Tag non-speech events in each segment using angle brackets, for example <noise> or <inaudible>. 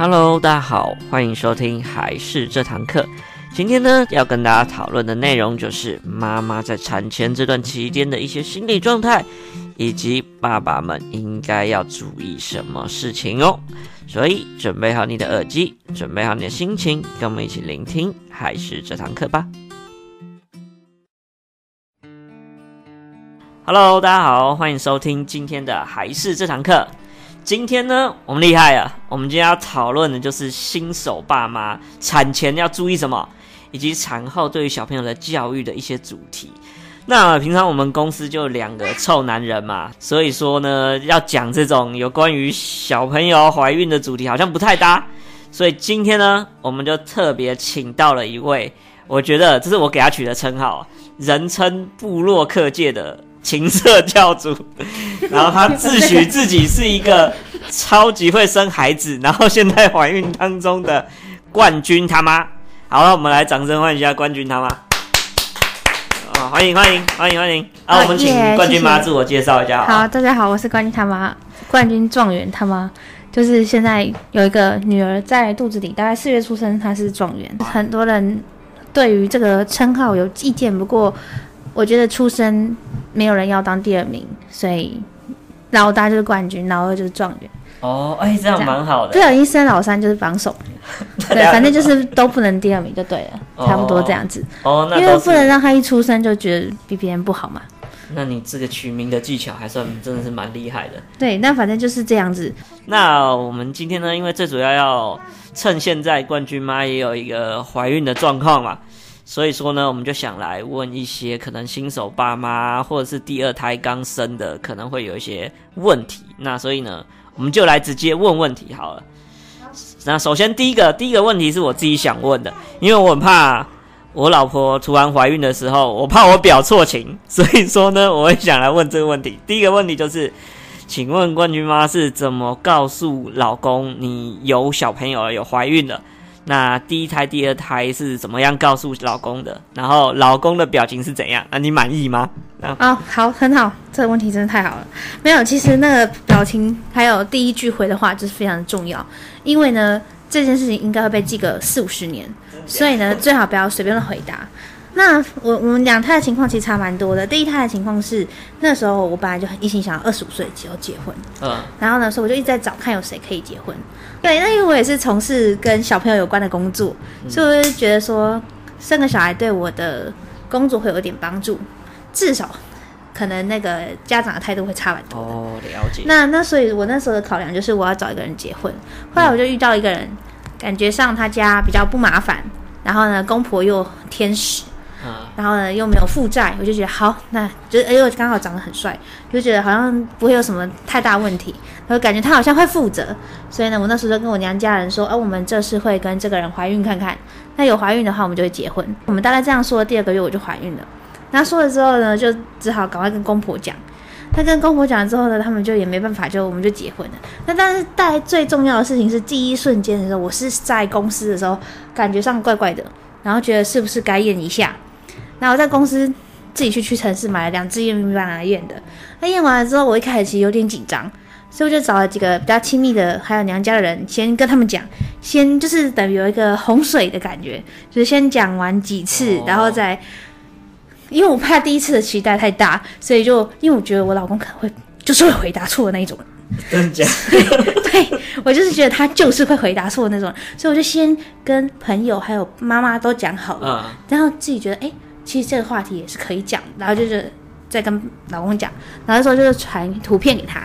Hello，大家好，歡迎收聽孩事這堂課。今天呢，要跟大家討論的內容就是媽媽在產前這段期間的一些心理狀態，以及爸爸們應該要注意什麼事情哦。所以準備好你的耳機，準備好你的心情，跟我們一起聆聽孩事這堂課吧。Hello，大家好，歡迎收聽今天的孩事這堂課。今天呢，我們厲害了。我們今天要討論的就是新手爸媽產前要注意什麼，以及產後對於小朋友的教育的一些主題。那平常我們公司就兩個臭男人嘛，所以說呢，要講這種有關於小朋友懷孕的主題，好像不太搭。所以今天呢，我們就特別請到了一位，我覺得這是我給他取的稱號，人稱部落客界的情色教主，然後他自詡自己是一個超級會生孩子，然後現在懷孕當中的冠軍他媽。好了，那我們來掌聲歡迎一下冠軍他媽。啊、哦，歡迎歡迎歡迎歡迎！啊，我們請冠軍媽自我介紹一下好、啊謝謝。好，大家好，我是冠軍他媽，冠軍狀元他媽，就是現在有一個女兒在肚子裡大概四月出生，她是狀元。啊、很多人對於這個稱號有意見，不過。我覺得出生沒有人要當第二名，所以老大就是冠軍，老二就是狀元。哦，哎、欸，這樣蠻好的。對啊，一、生、老三就是榜首。 <laughs> 這樣 對，反正就是都不能第二名就對了，哦、差不多這樣子。哦，那是因為不能讓他一出生就覺得比別人不好嘛。那你這個取名的技巧還算真的是蠻厲害的。對，那反正就是這樣子。那我們今天呢，因為最主要要趁現在冠軍媽也有一個懷孕的狀況嘛。所以說呢，我們就想來問一些可能新手爸媽或者是第二胎剛生的，可能會有一些問題。那所以呢，我們就來直接問問題好了。那首先第一個第一個問題是我自己想問的，因為我很怕我老婆突然懷孕的時候，我怕我表錯情，所以說呢，我會想來問這個問題。第一個問題就是，請問冠軍媽是怎麼告訴老公你有小朋友了，有懷孕了？那第一胎、第二胎是怎麼樣告訴老公的？然後老公的表情是怎樣？那、啊、你滿意嗎？啊、Oh, 好，很好，這個問題真的太好了。沒有，其實那個表情還有第一句回的話就是非常重要，因為呢這件事情應該會被記個四五十年，的所以呢最好不要隨便的回答。那我我們兩胎的情況其實差蠻多的。第一胎的情況是那個、時候我本來就很一心想要二十五歲就要結婚，嗯，然後呢所以我就一直在找看有誰可以結婚。對，那因為我也是從事跟小朋友有關的工作，嗯、所以我就覺得說生個小孩對我的工作會有點幫助，至少可能那個家長的態度會差蠻多。哦，了解。那那所以，我那時候的考量，就是我要找一個人結婚。後來我就遇到一個人，感覺上他家比較不麻煩，然後呢，公婆又天使。嗯、然後呢，又沒有負債，我就覺得好，那就哎呦，剛好長得很帥，就覺得好像不會有什麼太大問題，就感覺他好像會負責，所以呢，我那時候就跟我娘家人說，哎、呃，我們這次會跟這個人懷孕看看，那有懷孕的話，我們就會結婚。我們大概這樣說，第二個月我就懷孕了。那說了之後呢，就只好趕快跟公婆講。他跟公婆講了之後呢，他們就也沒辦法，就我們就結婚了。那但是帶最重要的事情是第一瞬間的時候，我是在公司的時候，感覺上怪怪的，然後覺得是不是該驗一下。那我在公司自己去屈臣氏買了兩支驗孕棒來驗的。那驗完了之後，我一開始其實有點緊張，所以我就找了幾個比較親密的，還有娘家的人，先跟他們講，先就是等於有一個洪水的感覺，就是先講完幾次，然後再，哦、因為我怕第一次的期待太大，所以就因為我覺得我老公可能會就是會回答錯的那一種，真的假的？ <laughs> 對我就是覺得他就是會回答錯的那種，所以我就先跟朋友還有媽媽都講好了，嗯、然後自己覺得哎。欸其實這個話題也是可以講，然後就是再跟老公講，然後說就是傳圖片給他，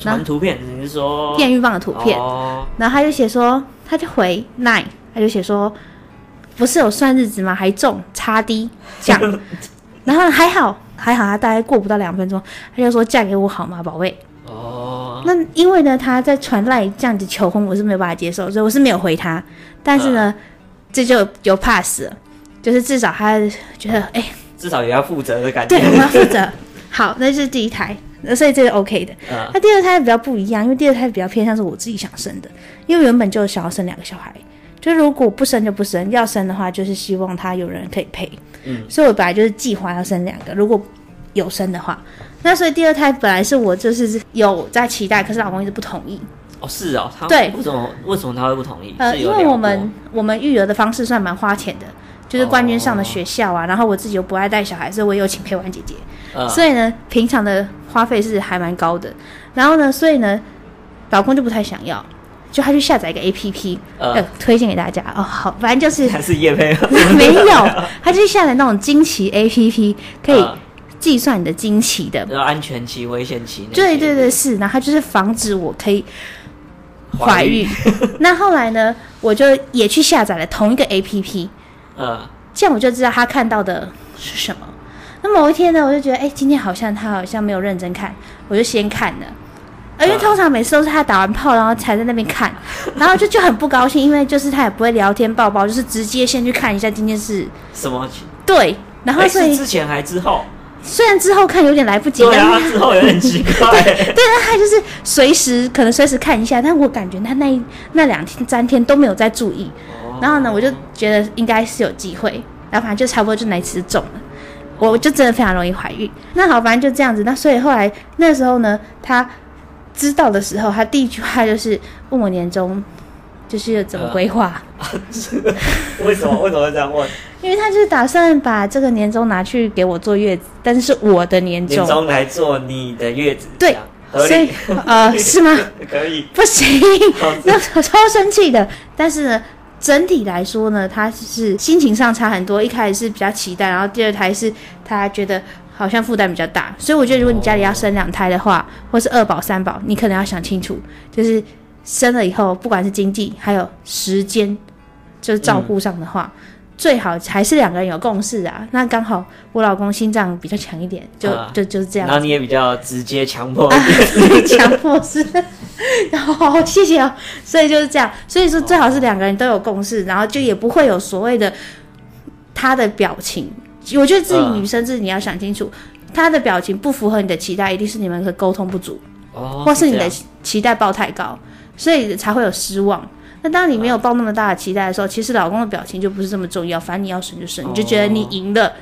傳圖片你是說？驗孕棒的圖片，哦、然後他就寫說，他就回 LINE，他就寫說，不是有算日子嗎？還中差低講 <laughs> 然後還好還好，他大概過不到兩分鐘，他就說嫁給我好嗎，寶貝。哦。那因為呢，他在傳 LINE 這樣子求婚，我是沒有辦法接受，所以我是沒有回他，但是呢，啊、這就有 pass。就是至少他覺得，哎、欸，至少也要負責的感覺。對，我們要負責。好，那是第一胎，那所以這個 OK 的。嗯、那第二胎比較不一樣，因為第二胎比較偏向是我自己想生的，因為原本就想要生兩個小孩，就如果不生就不生，要生的話就是希望他有人可以陪。嗯，所以我本來就是計劃要生兩個，如果有生的話，那所以第二胎本來是我就是有在期待，可是老公一直不同意。哦，是哦，他對，為什麼為什麼他會不同意？呃，因為我們我們育兒的方式算蠻花錢的。嗯就是冠軍上的學校啊，oh, oh, oh. 然後我自己又不愛帶小孩，所以我有請陪玩姐姐。Uh, 所以呢，平常的花費是還蠻高的。然後呢，所以呢，老公就不太想要，就他去下載一個 APP，、uh, 呃，推薦給大家哦。Oh, 好，反正就是還是業配， <laughs> 沒有，他就下載那種經期 APP，可以計算你的經期的，安全期、危險期。對對對，是，然後他就是防止我可以懷孕。懷孕 <laughs> 那後來呢，我就也去下載了同一個 APP。這樣我就知道他看到的是什麼。那某一天呢，我就覺得，哎，今天好像他好像沒有認真看，我就先看了。而因為通常每次都是他打完炮，然後才在那邊看，然後就就很不高興，因為就是他也不會聊天抱抱，就是直接先去看一下今天是什麼。對，然後所以是之前還之後，雖然之後看有點來不及，對啊，之後有點奇怪。 <laughs> 對，然對後 <laughs> 他就是隨時可能隨時看一下，但我感覺他那一那兩天三天都沒有在注意。然後呢，我就覺得應該是有機會，然後反正就差不多就哪一次中了，我就真的非常容易懷孕。那好，反正就這樣子。那所以後來那時候呢，他知道的時候，他第一句話就是問我年終就是要怎麼規劃。呃啊、是為什麼為什麼會這樣問？ <laughs> 因為他就是打算把這個年終拿去給我坐月子，但是，是我的年終年終來坐你的月子？對，所以呃，是嗎？ <laughs> 可以？不行，那超生氣的。但是呢。整體來說呢，他是心情上差很多。一開始是比較期待，然後第二胎是他覺得好像負擔比較大，所以我覺得如果你家裡要生兩胎的話，哦、或是二寶三寶，你可能要想清楚，就是生了以後，不管是經濟還有時間，就是照顧上的話。嗯最好還是兩個人有共識啊，那剛好我老公心臟比較強一點，就、啊、就就是這樣。那你也比較直接，強迫，強迫、啊、是。然後、 <laughs> 哦、謝謝哦，所以就是這樣，所以說最好是兩個人都有共識，哦、然後就也不會有所謂的他的表情。嗯、我覺得自己女生，自己你要想清楚，嗯、他的表情不符合你的期待，一定是你們的溝通不足，哦、或是你的期待抱太高，嗯、所以才會有失望。那當你沒有抱那麼大的期待的時候，啊、其實老公的表情就不是這麼重要，反正你要輸就輸，哦、你就覺得你贏了，了解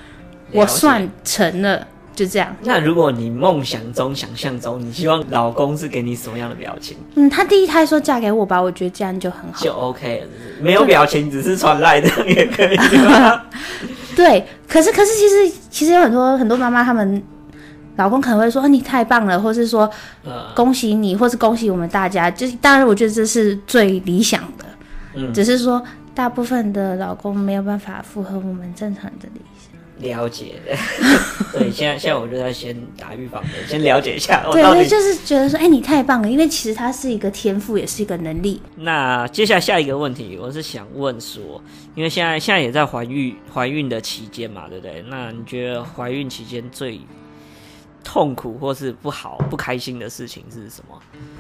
我算成了，就這樣。那如果你夢想中、嗯、想象中，你希望老公是給你什麼樣的表情？嗯，他第一胎說嫁給我吧，我覺得這樣就很好，就 OK 了，就是、沒有表情，對只是傳賴的。也可以嗎？ <laughs> <laughs> 對，可是可是，其實其實有很多很多媽媽他們。老公可能會說：“你太棒了，”或是說“恭喜你”，嗯、或是“恭喜我們大家”。就是當然，我覺得這是最理想的。嗯，只是說大部分的老公沒有辦法符合我們正常的理想。了解了。 <laughs> 對，現在現在我就要先打預防針， <laughs> 先了解一下對。對對，就是覺得說：“哎、欸，你太棒了，”因為其實他是一個天賦，也是一個能力。那接下來下一個問題，我是想問說，因為現在現在也在懷孕懷孕的期間嘛，對不對？那你覺得懷孕期間最？痛苦或是不好、不開心的事情是什麼？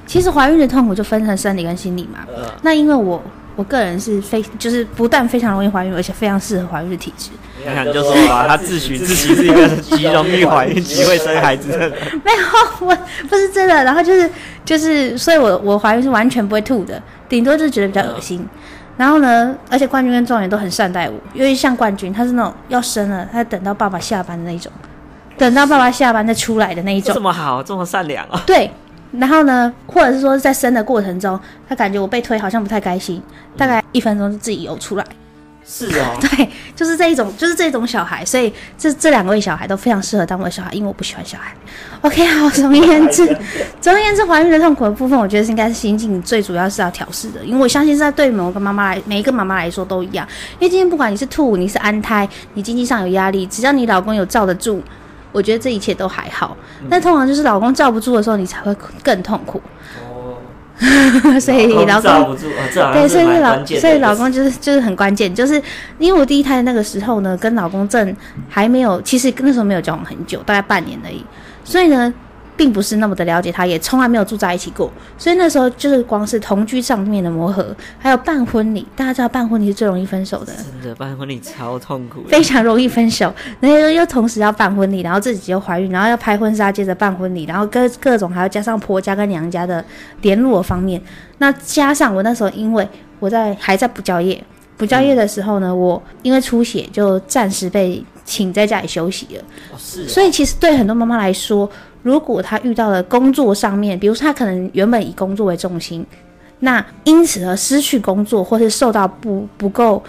其實懷孕的痛苦就分成生理跟心理嘛。呃、那因為我我個人是非，就是不但非常容易懷孕，而且非常適合懷孕的體質。想想就說啊是他自詡自己是一個極容易懷孕、極會生孩子的 <laughs> 沒有，我不是真的。然後就是就是，所以我我懷孕是完全不會吐的，頂多就是覺得比較噁心。呃、然後呢，而且冠軍跟狀元都很善待我，因為像冠軍他是那種要生了，他等到爸爸下班的那種。等到爸爸下班再出來的那一種。這麼好，這麼善良啊！對，然後呢，或者是說在生的過程中，他感覺我被推好像不太開心，大概一分鐘就自己游出來，是哦，對，就是這一種，就是這種小孩，所以這這兩位小孩都非常適合當我的小孩，因為我不喜歡小孩。OK，好，總而言之，總而言之，懷孕的痛苦的部分，我覺得是應該是心境最主要是要調適的，因為我相信是在對某個媽媽來每一個媽媽來說都一樣，因為今天不管你是吐，你是安胎，你經濟上有壓力，只要你老公有罩得住，我覺得這一切都還好，嗯、但通常就是老公罩不住的時候，你才會更痛苦。哦、 <laughs> 所以老公罩不住，哦、這對，所以是老，所以老公就是就是很關鍵，就是因為我第一胎那個時候呢，跟老公正還沒有，其實那時候沒有交往很久，大概半年而已，所以呢。並不是那麼的了解他，也從來沒有住在一起過，所以那時候就是光是同居上面的磨合，還有辦婚禮。大家知道辦婚禮是最容易分手的，真的，辦婚禮超痛苦，非常容易分手。那 <laughs> 後又同時要辦婚禮，然後自己又懷孕，然後要拍婚紗，接着辦婚禮，然後各各種還要加上婆家跟娘家的聯絡的方面。那加上我那時候，因為我在還在補教業，補教業的時候呢，嗯、我因為出血就暫時被請在家裡休息了。哦、是、啊。所以其實對很多媽媽來說，如果他遇到了工作上面，比如說他可能原本以工作為重心，那因此而失去工作，或是受到不不夠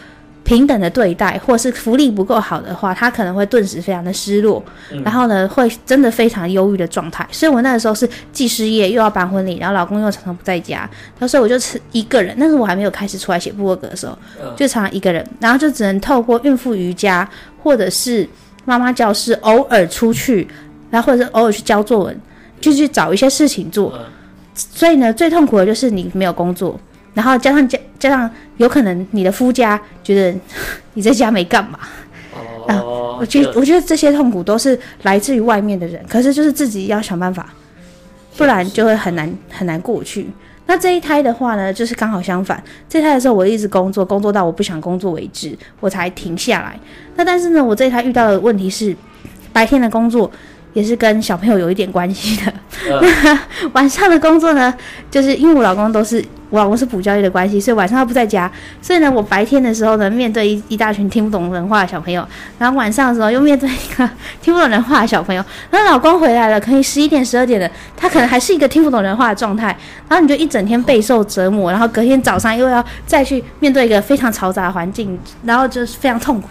平等的對待，或是福利不夠好的話，他可能會頓時非常的失落，然後呢，會真的非常憂鬱的狀態。嗯、所以我那個時候是既失業又要辦婚禮，然後老公又常常不在家，他說：「我就是一個人。但是我還沒有開始出來寫部落格的時候，就常常一個人，然後就只能透過孕婦瑜伽，或者是媽媽教室，偶爾出去。然後或者是偶爾去教作文，就去，去找一些事情做。所以呢，最痛苦的就是你沒有工作，然後加上加加上有可能你的夫家覺得你在家沒幹嘛。哦。我覺得我覺得這些痛苦都是來自於外面的人，可是就是自己要想辦法，不然就會很難很難過去。那這一胎的話呢，就是剛好相反。這一胎的時候我一直工作，工作到我不想工作為止，我才停下來。那但是呢，我這一胎遇到的問題是白天的工作。也是跟小朋友有一點關係的。Uh. <laughs> 晚上的工作呢，就是因為我老公都是我老公是補教業的關係，所以晚上他不在家。所以呢，我白天的時候呢，面對一一大群聽不懂人話的小朋友，然後晚上的時候又面對一個聽不懂人話的小朋友。那老公回來了，可能十一點、十二點的，他可能還是一個聽不懂人話的狀態。然後你就一整天備受折磨，然後隔天早上又要再去面對一個非常嘈雜的環境，然後就是非常痛苦。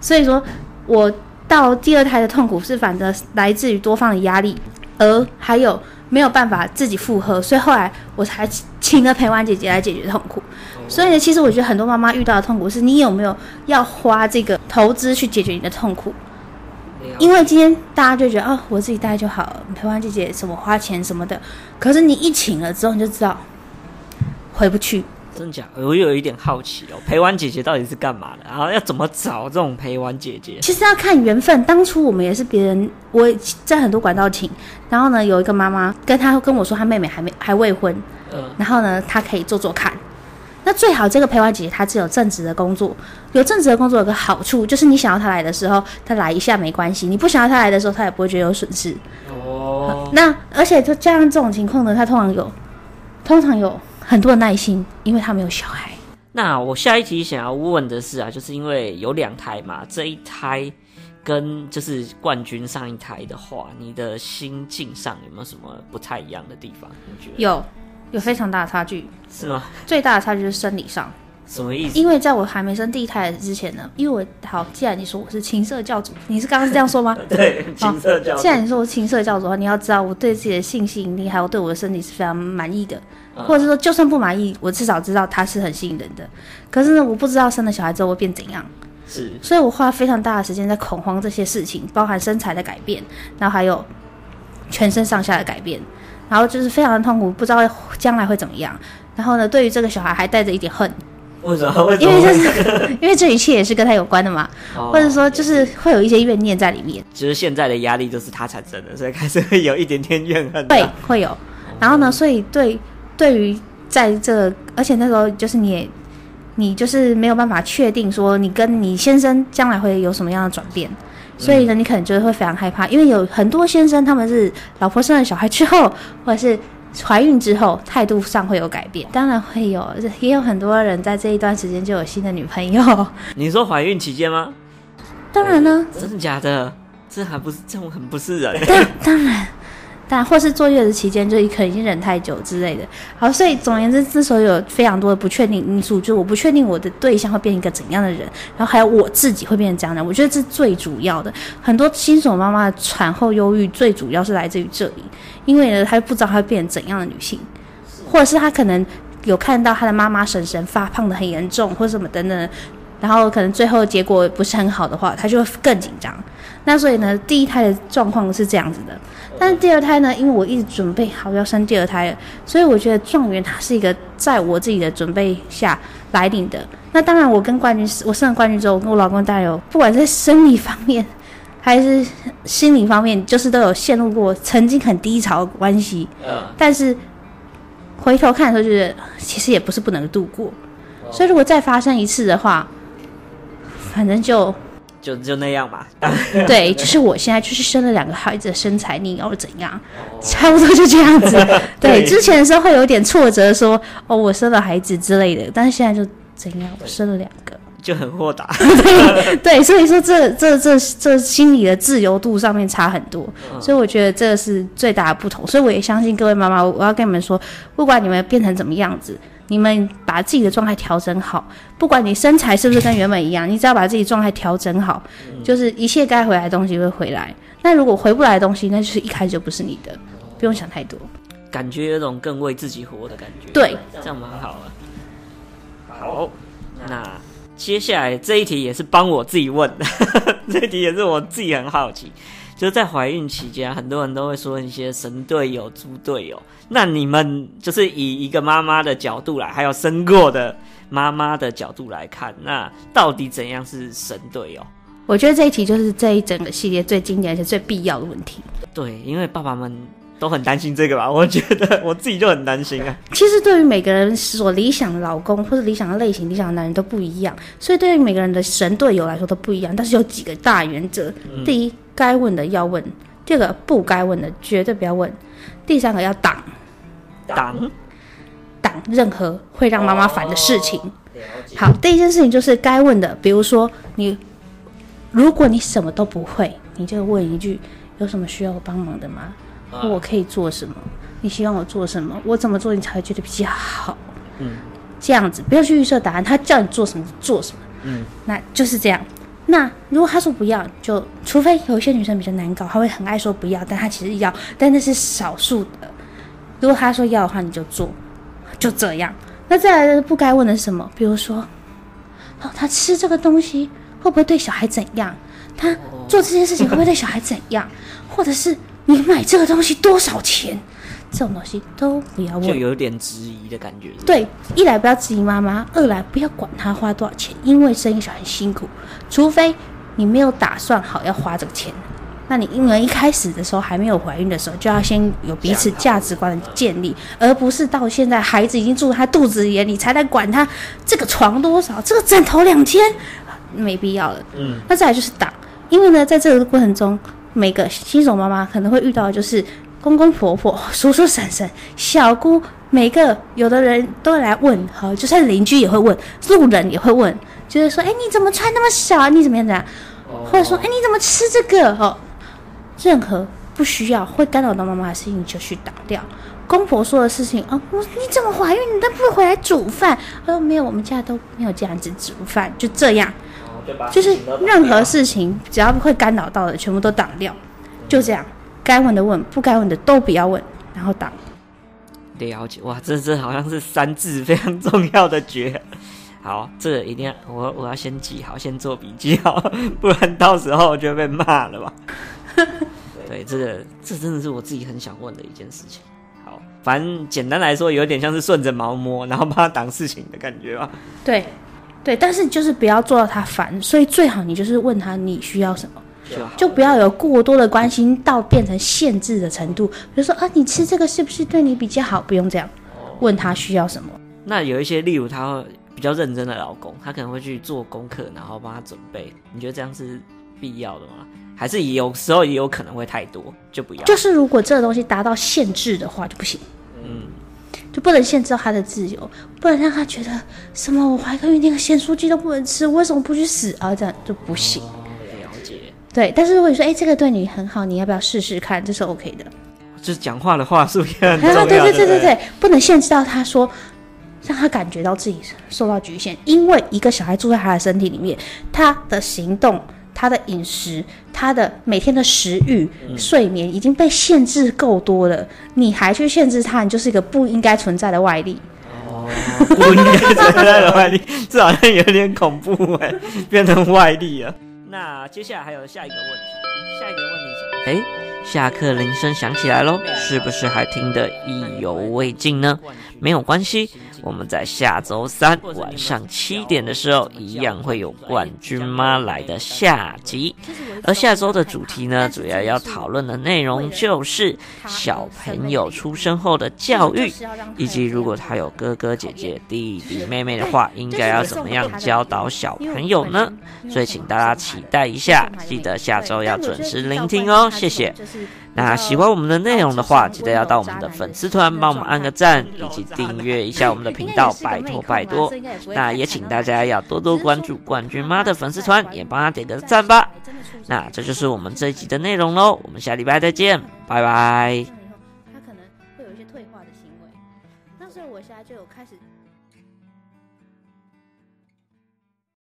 所以說，我。到第二胎的痛苦是反的，來自於多方的壓力，而還有沒有辦法自己負荷，所以後來我才請了陪玩姐姐來解決痛苦。所以呢，其實我覺得很多媽媽遇到的痛苦是，你有沒有要花這個投資去解決你的痛苦？因為今天大家就覺得哦，我自己帶就好了，陪玩姐姐什麼花錢什麼的。可是你一請了之後，你就知道回不去。真假？我又有一點好奇哦、喔，陪玩姐姐到底是幹嘛的？啊，要怎麼找這種陪玩姐姐？其實要看緣分。當初我們也是別人，我也在很多管道請，然後呢，有一個媽媽跟她跟我說，她妹妹還沒還未婚，嗯、然後呢，她可以做做看。那最好這個陪玩姐姐她是有正職的工作，有正職的工作有個好處就是你想要她來的時候，她來一下沒關係；你不想要她來的時候，她也不會覺得有損失。哦。那而且就加上這種情況呢，她通常有，通常有，很多的耐心，因為他沒有小孩。那我下一題想要問的是啊，就是因為有兩胎嘛，這一胎跟就是冠軍上一胎的話，你的心境上有沒有什麼不太一樣的地方？你覺得有，有非常大的差距，是嗎？最大的差距是生理上。什麼意思？因為在我還沒生第一胎之前呢，因為我好，既然你說我是情色教主，你是剛剛是這樣說嗎？ <laughs> 對，情好色教主。既然你說我情色教主，的話，你要知道我對自己的信心，你還有對我的身體是非常滿意的，啊、或者是說就算不滿意，我至少知道他是很吸引人的。可是呢，我不知道生了小孩之後會變怎樣。是，所以我花了非常大的時間在恐慌這些事情，包含身材的改變，然後還有全身上下的改變，然後就是非常的痛苦，不知道將來會怎麼樣。然後呢，對於這個小孩還帶着一點恨。為什麼？為什麼？因為就是 <laughs> 因為這一切也是跟他有關的嘛，哦、或者說就是會有一些怨念在裡面。其實現在的壓力就是他產生的，所以開始會有一點點怨恨。對，會有。哦、然後呢，所以對對於在這個，而且那時候就是你也，你就是沒有辦法確定說你跟你先生將來會有什麼樣的轉變，所以呢，你可能就會非常害怕，嗯、因為有很多先生他們是老婆生了小孩之後，或者是。懷孕之後，態度上會有改變，當然會有，也有很多人在這一段時間就有新的女朋友。你說懷孕期間嗎？當然了。欸，真的假的？這還不是，這種很不是人，欸。當當然。 <laughs> 但或是坐月子期間就可能已經忍太久之類的。好，所以總而言之，之所以有非常多的不確定因素，就是我不確定我的對象會變成一個怎樣的人，然後還有我自己會變成怎樣的人，我覺得這是最主要的。很多新手媽媽產後憂鬱最主要是來自於這裡，因為呢，她不知道她會變成怎樣的女性，或者是她可能有看到她的媽媽嬸嬸發胖得很嚴重，或者什麼等等。然後可能最後結果不是很好的話，他就會更緊張。那所以呢，第一胎的狀況是這樣子的。但是第二胎呢，因為我一直準備好要生第二胎了，所以我覺得狀元他是一個在我自己的準備下來臨的。那當然，我跟冠軍，我生了冠軍之後，我跟我老公大概有，不管在生理方面還是心理方面，就是都有陷入過曾經很低潮的關係。但是回頭看的時候覺得，就是其實也不是不能度過。所以如果再發生一次的話。反正就，就就那樣吧。 <laughs> 對，就是我現在就是生了兩個孩子的身材，你要怎樣？Oh. 差不多就這樣子。對， <laughs> 對之前的時候會有點挫折說，說哦，我生了孩子之類的。但是現在就怎樣？對我生了兩個，就很豁達。 <laughs> <laughs> 對，所以說這這這這心理的自由度上面差很多。嗯、所以我覺得這是最大的不同。所以我也相信各位媽媽，我要跟你們說，不管你們變成怎麼樣子。嗯你們把自己的狀態調整好，不管你身材是不是跟原本一樣， <laughs> 你只要把自己狀態調整好，就是一切該回來的東西會回來。那如果回不來的東西，那就是一開始就不是你的，不用想太多。感覺有種更為自己活的感覺，對，這樣蠻好啊。好，那接下來這一題也是幫我自己問的， <laughs> 這一題也是我自己很好奇。就是在懷孕期間，很多人都會說一些“神隊友”“豬隊友”。那你們就是以一個媽媽的角度來，還有生過的媽媽的角度來看，那到底怎樣是神隊友？我覺得這一題就是這一整個系列最經典而且最必要的問題。對，因為爸爸們。我很擔心這個吧，我覺得我自己就很擔心啊。其實對於每個人所理想的老公或者理想的類型、理想的男人都不一樣，所以對於每個人的神隊友來說都不一樣。但是有幾個大原則：嗯、第一，該問的要問；第二個，不該問的絕對不要問；第三個要，要擋擋擋任何會讓媽媽煩的事情。哦、好，第一件事情就是該問的，比如說你，如果你什麼都不會，你就問一句：“有什麼需要我幫忙的嗎？”我可以做什麼？你希望我做什麼？我怎麼做你才會覺得比較好？嗯，這樣子不要去預設答案。他叫你做什麼就做什麼。嗯，那就是這樣。那如果他說不要，就除非有一些女生比較難搞，她會很愛說不要，但她其實要，但那是少數的。如果他說要的話，你就做，就這樣。那再來，不該問的是什麼？比如說，哦，他吃這個東西會不會對小孩怎樣？他做這件事情會不會對小孩怎樣？哦、或者是？你買這個東西多少錢？這種東西都不要問，就有點質疑的感覺是不是。對，一來不要質疑媽媽，二來不要管她花多少錢，因為生小孩很辛苦。除非你沒有打算好要花這個錢，那你因為一開始的時候、嗯、還沒有懷孕的時候，就要先有彼此價值觀的建立，嗯嗯、而不是到現在孩子已經住在他肚子裡了，你才來管他這個床多少，這個枕頭兩千，沒必要了。嗯，那再來就是檔，因為呢，在這個過程中。每個新手媽媽可能會遇到的就是公公婆婆、婆、叔叔嬸嬸、小姑，每個有的人都來問，好，就算鄰居也會問，路人也會問，就是說，哎、欸，你怎麼穿那麼少啊？你怎麼樣子啊？Oh. 或者說，哎、欸，你怎麼吃這個？哦，任何不需要會干擾到媽媽的事情就去打掉。公婆說的事情啊，我、哦、你怎麼懷孕？你都不會回來煮飯？他說：‘沒有，我們家都沒有這樣子煮飯，就這樣。就，就是任何事情，只要會干擾到的，全部都擋掉，嗯嗯嗯、就這樣。該問的問，不該問的都不要問，然後擋。了解哇，這這好像是三字非常重要的訣。好，這個、一定要我我要先記好，先做筆記好，不然到時候就會被罵了吧。 <laughs> 對，這個這真的是我自己很想問的一件事情。好，反正簡單來說，有點像是順着毛摸，然後幫他擋事情的感覺吧。對。對，但是就是不要做到他煩，所以最好你就是問他你需要什麼，就，就不要有過多的關心到變成限制的程度。比如說啊，你吃這個是不是對你比較好？不用這樣，問他需要什麼。哦。那有一些例如他會比較認真的老公，他可能會去做功課，然後幫他準備。你覺得這樣是必要的嗎？還是有時候也有可能會太多，就不要。就是如果這個東西達到限制的話就不行。嗯。就不能限制到他的自由，不能讓他覺得什麼我懷個孕那個鹹酥雞都不能吃，我為什麼不去死啊？這樣就不行。哦、了解。對，但是如果你說哎、欸，這個對你很好，你要不要試試看？這是 OK 的。就是講話的話術也很重要。對對對對對，不能限制到他說，讓他感覺到自己受到局限，因為一個小孩住在他的身體裡面，他的行動。他的飲食，他的每天的食欲、嗯、睡眠已經被限制夠多了，你還去限制他，你就是一個不應該存在的外力。哦，不應該存在的外力， <laughs> 這好像有點恐怖哎，變成外力了。那接下來還有下一個問題，下一個問題想問。是，欸，下課鈴聲響起來咯，是不是還聽得意猶未盡呢？沒有關係，我們在下周三晚上七點的時候，一樣會有冠軍媽來的下集。而下周的主題呢，主要要討論的內容就是小朋友出生後的教育，以及如果他有哥哥姐姐、弟弟妹妹的話，應該要怎麼樣教導小朋友呢？所以請大家期待一下，記得下周要準時聆聽哦，謝謝。那喜歡我們的內容的話，記得要到我們的粉絲團幫我們按個讚，以及訂閱一下我們的頻道，拜託拜託。 <laughs> 那也請大家要多多關注冠軍媽的粉絲團，也幫她點個讚吧。那這就是我們這一集的內容嘍，我們下禮拜再見，拜拜。他可能會有一些退化的行為，但是我現在就有開始。